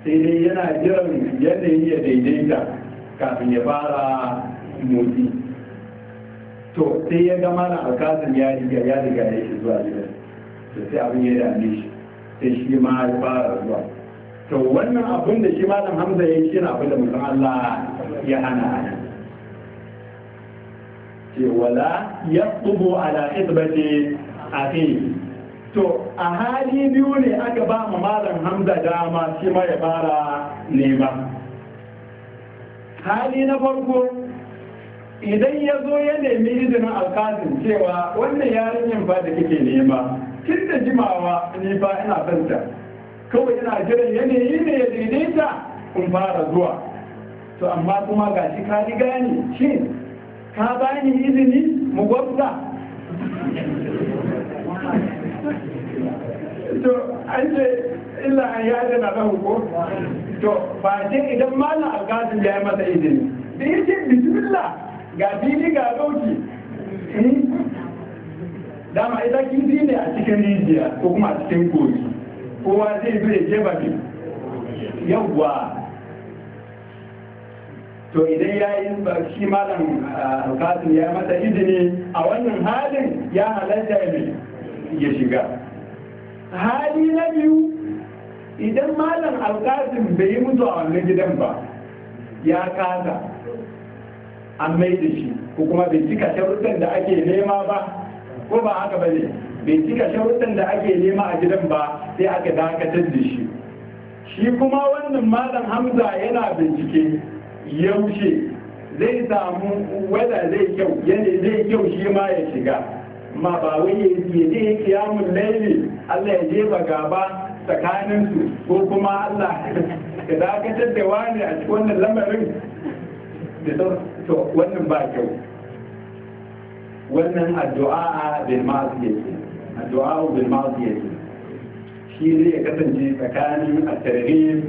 sai dai yana jiran yi ya daidaita kafin ya fara motsi to sai ya gama na alkazin ya riga ya riga ya shi zuwa gidan to sai abin ya dame shi sai shi ma ya fara zuwa to wannan abin da shi malam hamza ya yi shi na abin da mutum allah ya hana ana ce wala ya tsubo ala isbati akhi to a hali biyu ne aka ba mu malam hamza dama shi ma ya fara nema hali na farko idan ya zo ya nemi izinin alkazin cewa wannan yarinyar ba da kike nema tun da jimawa ni ba ina son kawai ina jiran yanayi ne ya daidaita in fara zuwa to amma kuma ga shi ka riga ni shi ka bani izini mu gwabza
to an
ce illa an yada na ko to ba ce idan malam alƙasim ya yi masa izini da ya ce bismillah ga fili ga gauki hmm? dama ita kifi ne a cikin rijiya ko kuma a cikin kogi kowa zai zo ya je baki yawwa to idan ya yi shi malam alkasin ya masa izini a wannan halin ya halatta ya shiga hali na biyu idan malam alkasim bai yi mutu a wannan gidan ba ya kasa an mai da shi ko kuma bai cika sharuɗan da ake nema ba ko ba haka ba ne bai cika sharuɗan da ake nema a gidan ba sai aka dakatar da shi shi kuma wannan malam hamza yana bincike yaushe zai samu wada zai kyau yadda zai kyau shi ma ya shiga ma ba wai ya je kiyamun laili Allah ya jefa gaba tsakaninsu ko kuma Allah ka dakatar da wani a cikin wannan lamarin da to wannan ba kyau wannan addu'a bil ma'siyati addu'a bil ma'siyati shi zai kasance tsakanin a targhib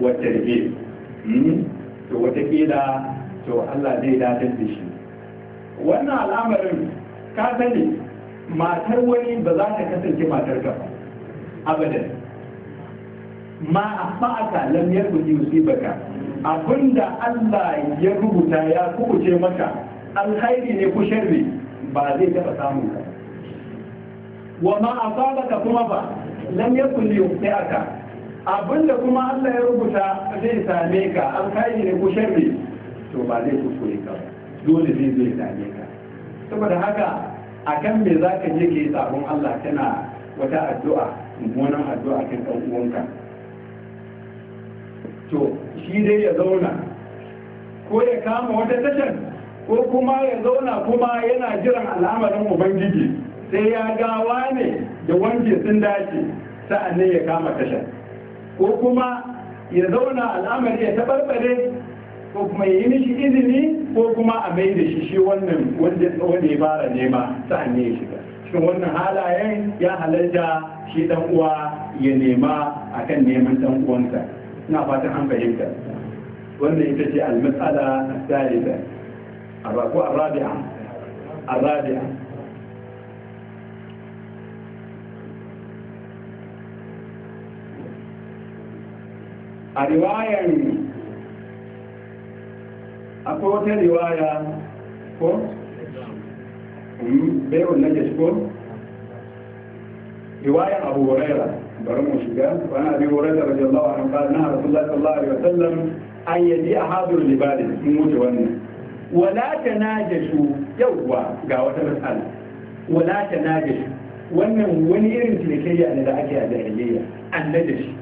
wa tarhib hmm? to wata kila to Allah zai dakatar da shi wannan al'amarin ka sani matar wani ba za ta kasance matar ka ba abadan ma asba'aka lam yakun musibaka, abinda Allah ya rubuta ya kubuce maka alkhairi ne ku sharri ba zai taba samun ka wa ma asabaka kuma ba lam yakun musibaka, abinda kuma Allah ya rubuta zai same ka alkhairi ne ku sharri to ba zai kuskure ka dole zai zai same ka saboda haka akan me ka je ke tsaron Allah kana wata addu'a mummunan addu'a kan ɗan uwanka to shi dai ya zauna ko ya kama wata tashar ko kuma ya zauna kuma yana jiran al'amarin ubangiji sai ya gawa ne da wanke sun dace sa'annan ya kama tashar ko kuma ya zauna al'amari ya tabarbare ko kuma ya yi mishi izini ko kuma a mai da shi shi wannan wanda ya fara nema sa'annan ya shiga cikin wannan halayen ya halarta shi dan uwa ya nema akan neman dan uwansa ina fatan an fahimta wannan ita ce al-mas'ala ko ar-rabi'a rabia a riwayar akwai wata riwaya ko ko hmm, riwayar abu bari mu shiga wani abi rajin lawa an qala na rasulullahi sallallahu a wasallam an yaji ahadul libali sun wuce wannan wala tanajashu yawwa ga wata mas'ala wala shu wannan wani irin cinikayya ne da ake a jahiliya an shi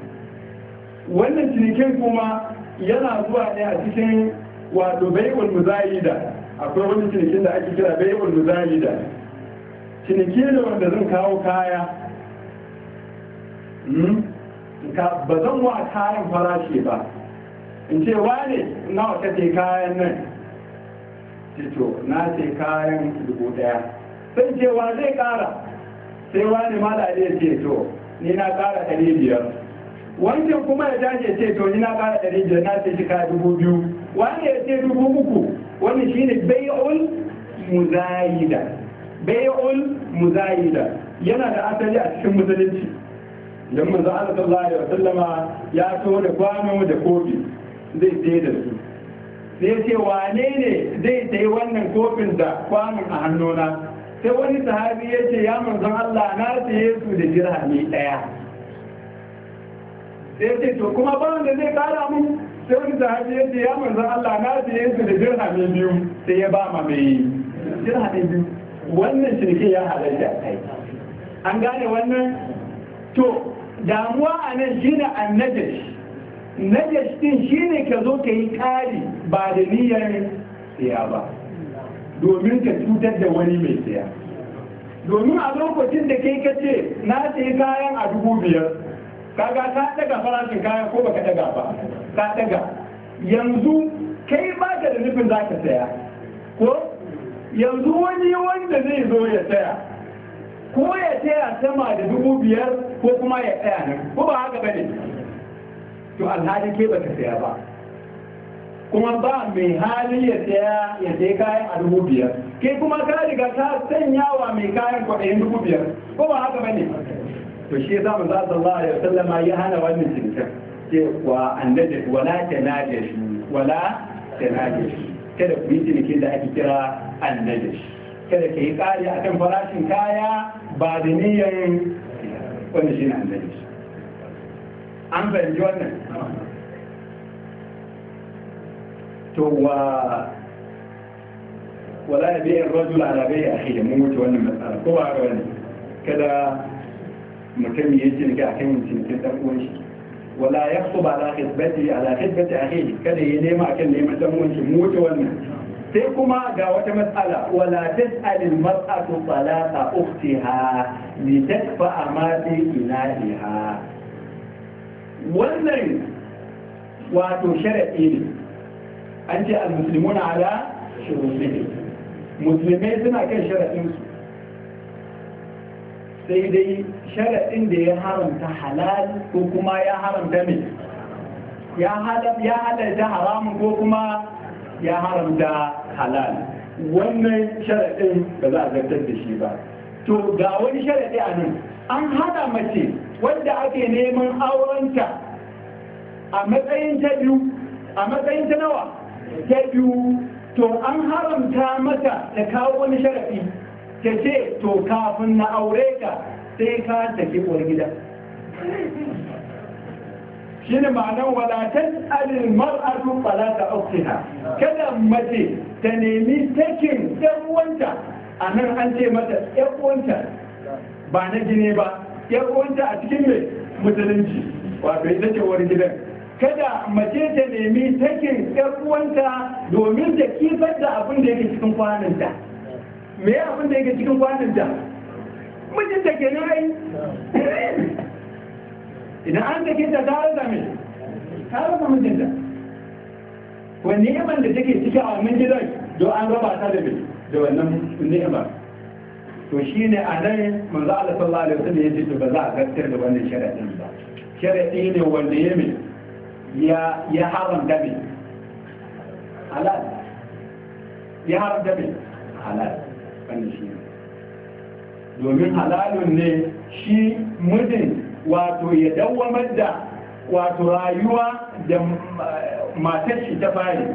wannan cinikin kuma yana zuwa ne a cikin wato bai'ul muzayida akwai wani cinikin da ake kira bai'ul muzayida ciniki ne wanda zan kawo kaya Hmm? ba zan wa kayan farashi ba in ce wane nawa ka ce kayan nan Tito na ce kayan dubu daya sai ce wa zai kara sai wani mala ne ce to ni na kara ɗari biyar wancan kuma ya jaje ce to ni na kara ɗari biyar na ce shika dubu biyu wani ya ce dubu uku wani shine bai'ul muzayida bai'ul muzayida yana da asali a cikin musulunci don manzo Allah sallallahu alaihi wasallama ya so da kwano da kofi zai je da su sai ce wane ne zai sayi wannan kofin da kwanon a hannuna sai wani sahabi ya ce ya manzon Allah na saye su da dirhami daya sai ce to kuma ba wanda zai kara mun sai wani sahabi ya ce ya manzon Allah na saye su da dirhami biyu sai ya ba ma mai dirhami biyu wannan shirke ya halarta an gane wannan to damuwa a nan shi ne a najash najash din shi ne ka zo ka yi ƙari ba da niyyar siya ba domin ka cutar da wani mai siya domin a lokacin da kai ka ce na sayi kayan a dubu biyar kaga ka daga farashin kayan ko baka daga ba ka daga yanzu kai ba ka da nufin za ka saya ko yanzu wani wanda zai zo ya saya ko ya taya sama da dubu biyar ko kuma ya tsaya nan ko ba haka bane to alhali ke baka saya ba kuma ba mai hali ya tsaya ya saya kayan a dubu biyar ke kuma ka riga ta sanya wa mai kayan kwaɗayin dubu biyar ko ba haka bane to shi ya yasa manzo Allah ya sallama ya hana wannan cinkin ce wa annabi wala tanajashi wala tanajashi kada ku yi cinikin da ake kira annajashi kada ka yi tsari a kan farashin kaya ba da niyan wanda shi na annabi an fahimci wannan to wa wala ya biyan rajul ala bai ya akhi mun wuce wannan matsala ko ba ga wani kada mutum ya ce ga kan cikin dan uwan shi wala yaqtu ala khidbati ala khidbati akhi kada ya nema akan neman dan uwan shi mu wuce wannan sai kuma ga wata matsala wala alil mas'atu salata ukhtiha li takfa ma fi ilahiha wannan wato sharadi ne an ce al muslimuna ala shurutihim musulmai suna kan sharadin su sai dai sharadin da ya haramta halal ko kuma ya haramta mai ya halatta haramun ko kuma ya haramta halal wannan sharaɗin ba za a zartar da shi ba to ga wani sharaɗi a nan an hada mace wadda ake neman aurenta a matsayin ta biyu a matsayin ta nawa ta biyu to an haramta mata ta kawo wani sharaɗi ta ce to kafin na aure ka sai ka tafi uwar gida shine ma'anar wala tas'alil mar'atu falata ukhtiha kada mace ta nemi takin ɗan uwanta a nan an ce mata ɗan wanta ba na gine ba ɗan uwanta a cikin mai musulunci wato ita ce wani gidan kada mace ta nemi takin ɗan uwanta domin ta kifar da abin da yake cikin kwanonta, me abin da yake cikin kwanonta, mijinta kenan ai idan an sake ta ta rasa mai ta rasa mijinta wani ni'imar da take cikin a wannan gidan do an raba ta da mai da wannan ni'imar to shi ne a nan manzo Allah sallallahu alaihi wasallam ya ce ba za a gaskar da wannan sharadin ba sharadi ne wanda ya mai ya ya haram da mai halal ya haram da mai halal wannan shi ne domin halalun ne shi mijin wato ya dawamar da wato rayuwa da matar ta fari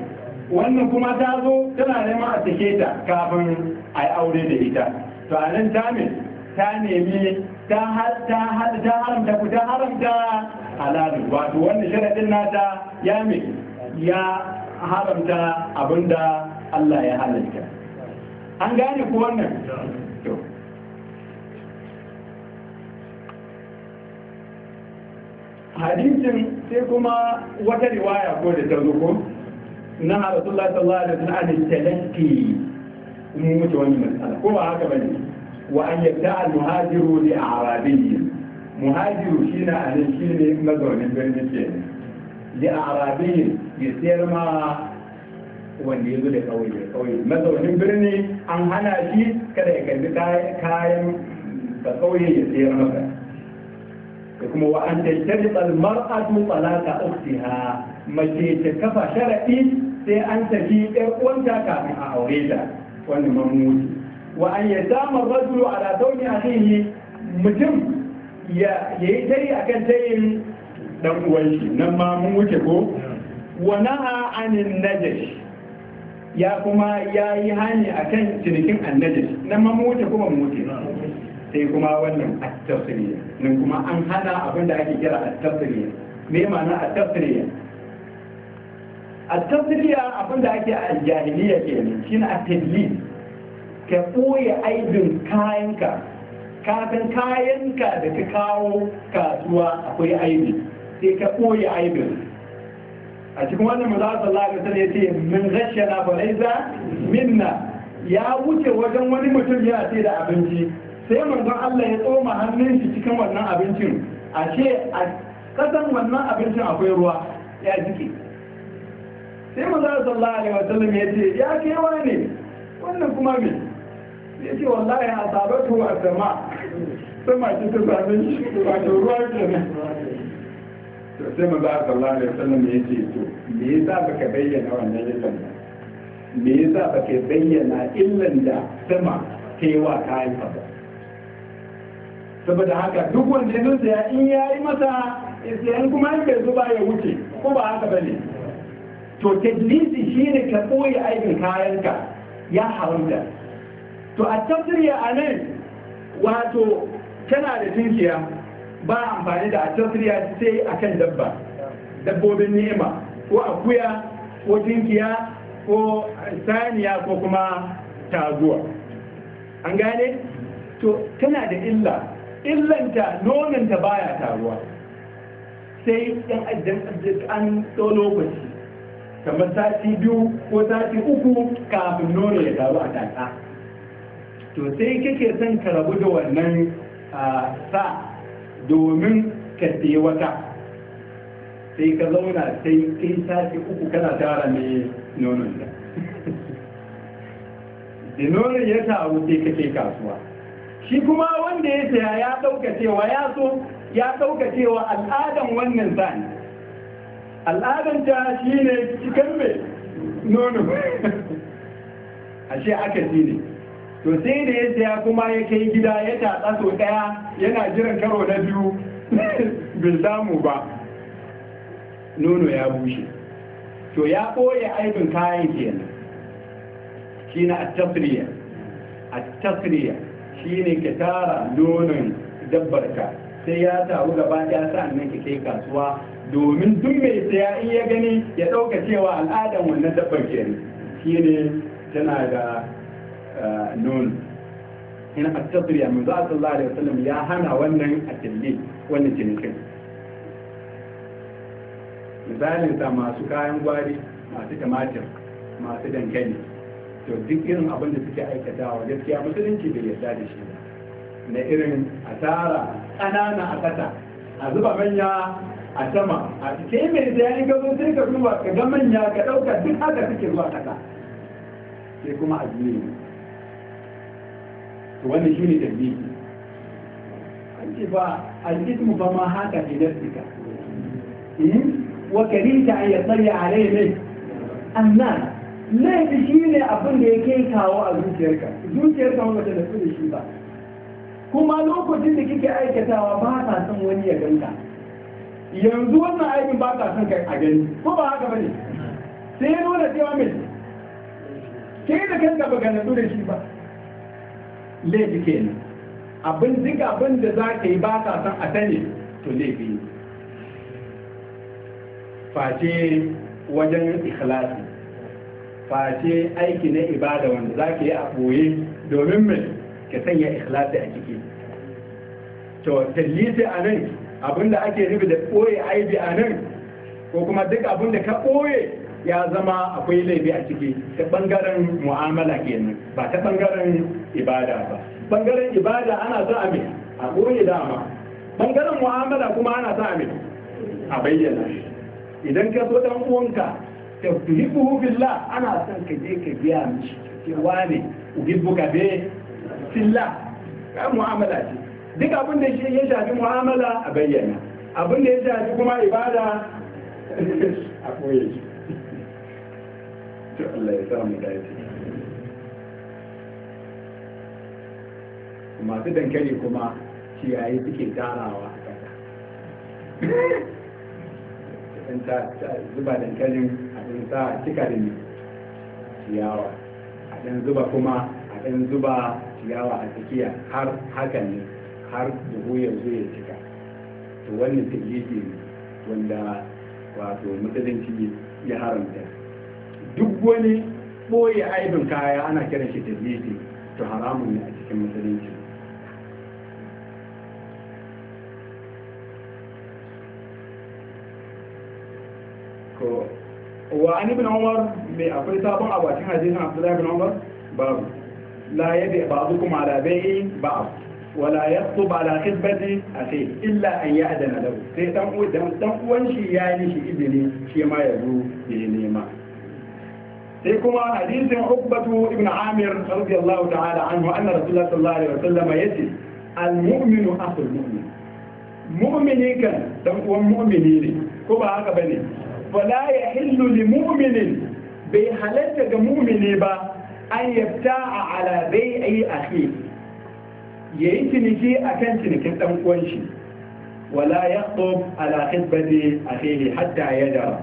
wannan kuma ta zo tana neman a take ta kafin a yi aure da ita to a nan jami'in ta nemi ta haramta ku ta haramta halalu wato wannan sharaɗin nata ya mai ya haramta abinda Allah ya halarta an gane ku wannan hadisin sai kuma wata riwaya ko da ta zuko na rasulullah sallallahu alaihi wasallam an talaki mun mutu wannan matsala ko ba haka bane wa an yabda al muhajiru li arabi muhajiru shine a nan shine mazaunin birni ke li arabi ya sayar ma wanda ya zo da kauye kauye mazaunin birni an hana shi kada ya kalli kayan da kauye ya sayar masa da kuma wa an tajtani al mar'atu talaka ukhtiha mace ta kafa sharadi sai an tafi ɗan uwanta kafin a aure ta wannan mamuti wa an ya yatama rajulu ala dawni akhihi mutum ya yi tayi akan tayin dan uwan shi nan ma mun ko wa na'a anin najash ya kuma ya yi hani akan cinikin annajash nan ma mun wuce kuma mun sai kuma wannan at-tasriya nan kuma an hana abin da ake kira at-tasriya me ma'ana at-tasriya at-tasriya abin da ake a jahiliya kenan shine at-tadlis ka ɓoye aibin kayanka kafin kayanka da ka kawo kasuwa akwai aibi sai ka ɓoye aibin a cikin wannan maza sallallahu alaihi wasallam yace min ghashana fa laysa minna ya wuce wajen wani mutum yana sai da abinci sai manzon Allah ya tsoma hannun shi cikin wannan abincin ashe a kasan wannan abincin akwai ruwa ya jike sai manzon Allah sallallahu alaihi wasallam ya ce ya ke ne wannan kuma me ya ce wallahi a sabatu a sama
sama ki ta same shi ruwa ke
to sai manzon Allah sallallahu alaihi wasallam ya ce to me yasa baka bayyana wannan yasan me yasa baka bayyana illan da sama ta yi wa ba saboda haka duk wanda ya saya in ya yi masa sayan kuma in bai zuba ya wuce ko ba haka bane to shi shine ka ɓoye aikin kayanka ya haramta to a tafsiriya a nan wato tana da tunkiya ba amfani da a tafsiriya sai akan dabba dabbobin nema ko akuya ko tunkiya ko saniya ko kuma tazuwa an gane to tana da illa illanta nonanta baya taruwa sai yan ajiyar an tso lokaci kamar sati biyu ko sati uku kafin nono ya taru a taka to sai kake son ka rabu da wannan sa domin ka sayi wata sai ka zauna sai kai sati uku kana tara ne nonon da da ya taru sai kake kasuwa shi kuma wanda ya saya ya daukacewa ya so ya daukacewa al'adan wannan sani al'adan ta shi ne cikin mai nono a shi aka shi ne to sai da ya saya kuma ya kai gida ya tatsa sau ɗaya yana jiran karo na biyu "Bin samu ba nono ya bushe to ya ɓoye aibin kayan kenan shi na A tasiriya. shine ka tara nonon dabbarka sai ya taru gaba sa sa'annan ka kai kasuwa domin duk mai saya in ya gani ya ɗauka cewa al'adan wannan dabbar ke shine tana da eh, nono in a tasiriya mun za su alaihi wasallam ya hana wannan a tilli wannan cinikin misalin sa masu kayan gwari masu tumatir masu dankali to duk irin abin da suke aikatawa gaskiya musulunci bai yarda da shi na irin asara ƙanana a ƙasa a zuba manya a sama a cikin mai zai ka zo sai ka zuba ka ga manya ka ɗauka duk haka suke zuwa ƙasa sai kuma a duniya to wannan shi ne dalili an ce ba alƙismu ba ma haka ke nafsika hmm? wa karita an a rai ne annan laifi shi ne abin da ya kai kawo a zuciyarka zuciyarka wanda ta nufi da shi ba kuma lokacin da kike aikatawa ba ta son wani ya ganka yanzu wannan aikin ba ta son a gani ko ba haka ba ne sai ya nuna cewa mai ke da kanka ba ganatu da shi ba laifi kenan abin duk abin da za ka yi ba ta son a sani to laifi ne face wajen ikhlasi face aiki na ibada wanda za ka yi a ɓoye domin mai ka sanya ikhlasi a ciki to tallisi a nan abinda ake nufi da ɓoye aibi a nan ko kuma duk abinda ka ɓoye ya zama akwai laifi a ciki ta ɓangaren mu'amala kenan ba ta ɓangaren ibada ba ɓangaren ibada ana za a mai a ɓoye dama ɓangaren mu'amala kuma ana son a a bayyana idan ka so ɗan uwanka tuhibbuhu billah ana son ka je ka biya mishi cewa ne uhibbuka be fillah ka mu'amala ce duk abin da shi ya shafi mu'amala a bayyana abin da ya shafi kuma ibada a koye shi to Allah ya sa mu dace masu dankali kuma ciyayi suke tarawa a kasa in ta zuba dankalin a ɗan sa cika da ne ciyawa a ɗan zuba kuma a ɗan zuba ciyawa a tsakiya har haka ne har buhu ya zo ya cika to wannan tajiki ne wanda wato musulunci ya haramta
duk wani
ɓoye aibin kaya ana kiran shi tajiki to haramun ne a cikin musulunci wa an ibn umar mai akwai sabon abakin hadisin abdullahi ibn umar babu la yadi ba'dukum ala bai'i ba'd wala yaktub ala khidbati akhi illa an ya'dana lahu sai dan uwan dan uwan shi ya yi shi izini shi ma ya zo ya nema sai kuma hadisin ubbatu ibn amir radiyallahu ta'ala anhu anna rasulullah sallallahu alaihi wasallam yace al-mu'minu akhul mu'min mu'mini kan dan uwan mu'mini ne ko ba haka bane Wala ya hillu li mu'minin bai halatta ga mu'mini ba an yabta a a bai'i akhi yayi ciniki akan cinikin dan uwan shi wala yaqub ala khidbati akhihi hatta yadara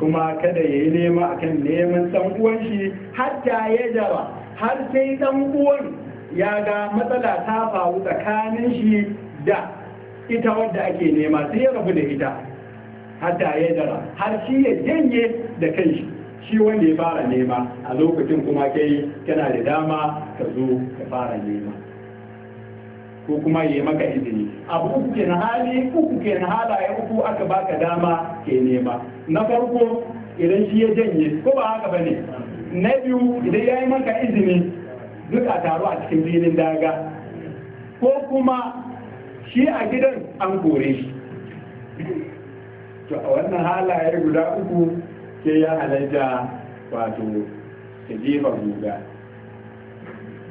kuma kada yayi nema akan neman dan uwan shi hatta yadara har sai dan uwan ya ga matsala ta faru tsakanin shi da ita wadda ake nema sai ya rabu da ita hatta ya dara har shi ya janye da kai shi wanda ya fara nema a lokacin kuma kai kana da dama ka zo ka fara nema ko kuma yi maka izini abu uku ke na hali uku ke na halaye uku aka baka dama ke nema na farko idan shi ya janye ko ba haka bane na biyu idan ya yi maka izini duk a taru a cikin filin daga ko kuma shi a gidan an kore shi to a wannan halaye guda uku ke ya halatta wato ta jefa guga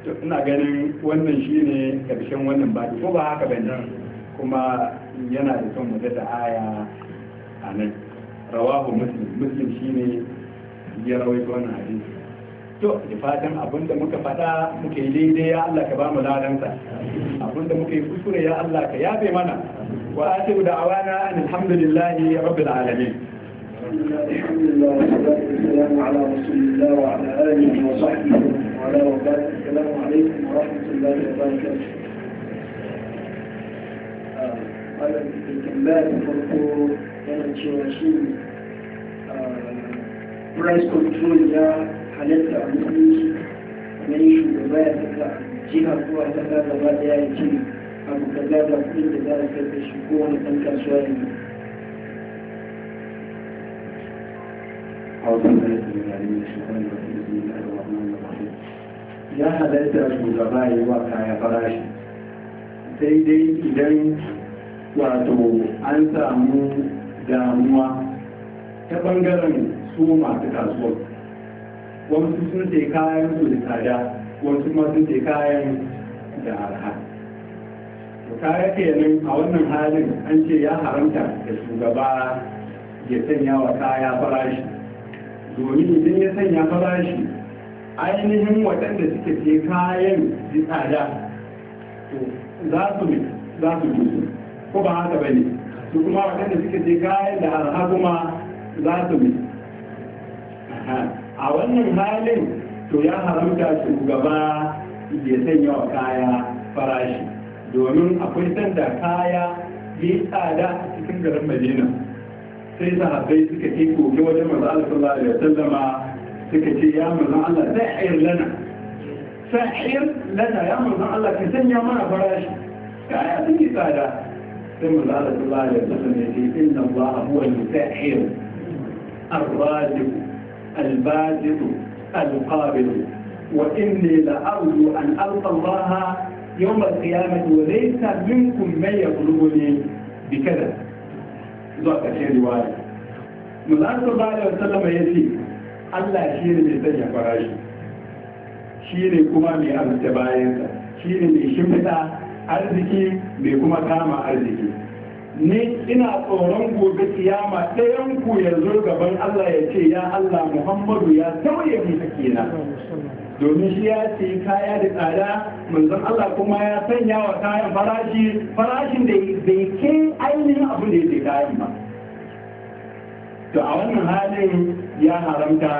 to ina ganin wannan shine karshen wannan ba ko ba haka bane kuma yana da son mu da aya a nan rawahu muslim muslim shine ya rawaito wannan hadisi to da fatan abinda muka faɗa muke daidai ya Allah ka ba mu ladansa abinda muka kuskure ya Allah ka yafe mana wa atiru da awana alhamdulillahi rabbil
alamin wa wa wa wa wa wa wa wa halitta a musulunci wani shugaba ya saka jiha ko a saka gaba da ya ce abu ka gaza kudin da za a kai shi ko wani ɗan kasuwa ya yi. ya halatta shugaba ya yi wa kaya farashi
daidai idan wato an samu damuwa ta bangaren su masu kasuwar wasu sun ce kayan su da tsada wasu ma sun ce kayan da arha kaya kenan a wannan halin an ce ya haramta da shugaba ya sanya wa kaya farashi domin idan ya sanya farashi ainihin waɗanda suke ce kayan da tsada to za su za su ne ko ba haka ba ne su kuma waɗanda suke ce kayan da arha kuma za su bi a wannan halin to ya haramta shugaba ya sanya wa kaya farashi domin akwai sanda kaya ya tsada a cikin garin madina sai sahabbai suka ce koke wajen masu Allah da alaihi sallama. suka ce ya mazan Allah sa'ir lana sa'ir lana ya mazan Allah ka sanya mana farashi kaya sun yi tsada sai mazan Allah sallama ya sallama ya ce inna Allah huwa al-sa'ir ar البادر القابل وإني لأرجو أن ألقى الله يوم القيامة وليس منكم من يطلبني بكذا zuwa ƙarshen riwaya mulatu bayan sallama ya ce allah shi ne mai sanya farashi shi ne kuma mai amsa bayansa shi ne mai shimfiɗa arziki mai kuma kama arziki ni ina tsoron gobe kiyama ɗayan ku ya zo gaban Allah ya ce ya Allah Muhammadu ya sauya mu kina domin shi ya ce kaya da tsada manzon Allah kuma ya sanya wa kayan farashi farashin da ya ke ainihin abin da ya ce kayan ba to a wannan halin ya haramta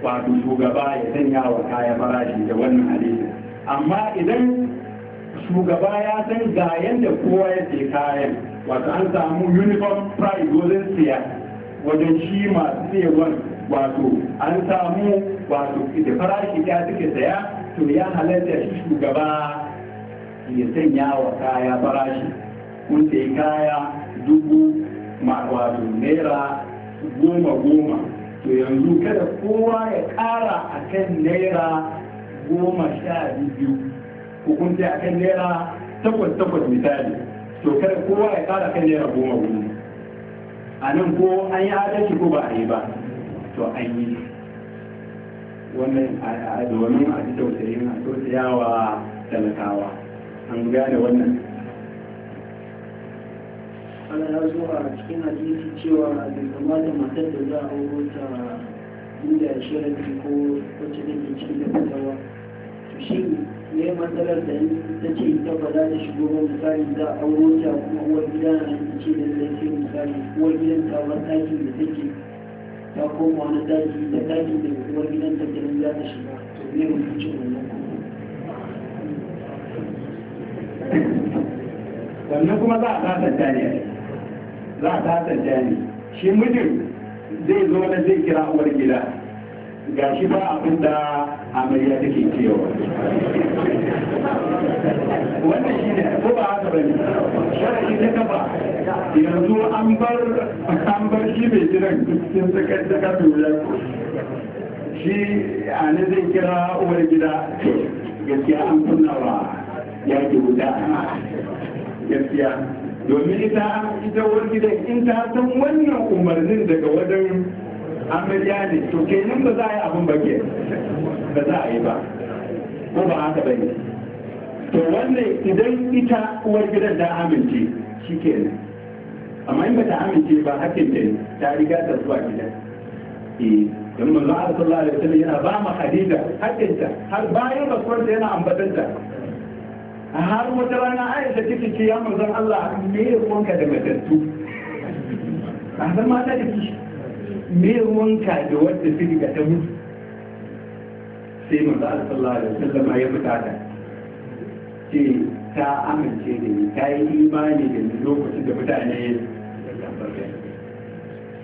wato shugaba ya sanya wa kaya farashi da wannan halittar amma idan shugaba ya san ga yadda kowa ya ce kayan wato an samu uniform price wajen siya wajen shi masu siyawan wato an samu wato da farashi ya suke saya to ya halatta shi shugaba ya sanya wa kaya farashi kun sai kaya dubu wato naira goma goma to yanzu kada kowa ya kara a kan naira goma sha biyu hukunci a kan naira takwas takwas misali to kada kowa ya kara kan naira goma goma a nan ko an yi adalci ko ba a yi ba to an yi wannan
a domin a ji tausayi a tausayawa talakawa an gane wannan ana ya zo a cikin hadisi cewa bai da matar da za a auro ta inda shirya ko wacce ke cikin da fitawa to shi ne matsalar da ta ce ita ba za ta shigo ba misali za a auro ta kuma uwar gida na ita ce da zai ce misali uwar gidan ta bar ɗakin da take ta koma wani daji da ɗakin da uwar gidan ta kenan za ta shiga
to me mutuncin wannan
sannan kuma za a sasanta jani za a sasanta jani shi mijin zai zo na zai kira uwar gida ga shi ba abin da amarya take cewa wannan shi ne ko ba haka ba ne sharaɗi na kafa yanzu an bar an bar shi mai jiran cikin sakar da kafin wuya shi a ne zai kira uwar gida gaskiya an kunna Ya ke wuta gaskiya domin ita ita uwar gida in ta san wannan umarnin daga wajen an bai ne to kenan ba za a yi abin ba ke ba za a yi ba ko ba haka ba to wannan idan ita uwar gidan ta amince shi kenan amma in ba ta amince ba hakin ta riga ta zuwa gidan eh, don manzo Allah sallallahu alaihi yana ba ma Khadija hakkinta har bayan rasuwarta yana ambatanta har wata rana Aisha take ce ya manzon Allah me ruwanka da matattu a san mata da kishi me ruwanka da wadda su ga ta mutu sai manzo Allah sallallahu alaihi wasallam ya fita ta ce ta amince da ni ta yi imani da ni lokacin da mutane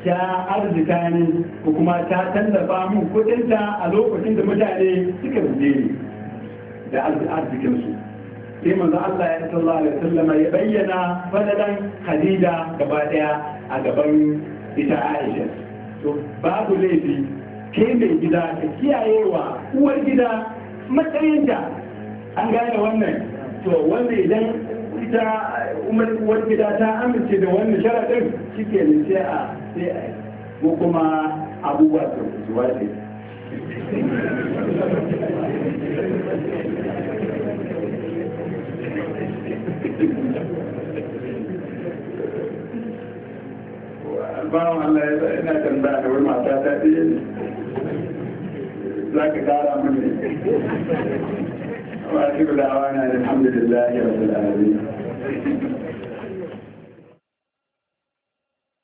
ta arzika ni ko kuma ta tallafa min kudinta a lokacin da mutane suka ruje ni da arzikinsu sai manzo Allah ya sallallahu alaihi wasallam ya bayyana fadalan Khadija gaba daya a gaban ita Aisha to babu laifi ke mai gida ka kiyayewa uwar gida matsayinta an gane wannan to wanda idan ita umar uwar gida ta amince da wannan sharaɗin shi ke a
sai a ko kuma abubuwa ta zuwa ne
Thank you. bawan Allah ya sa ina tambaya da wani mata ta ɗaya ne za ka mini shi na alhamdulillah ya rabu da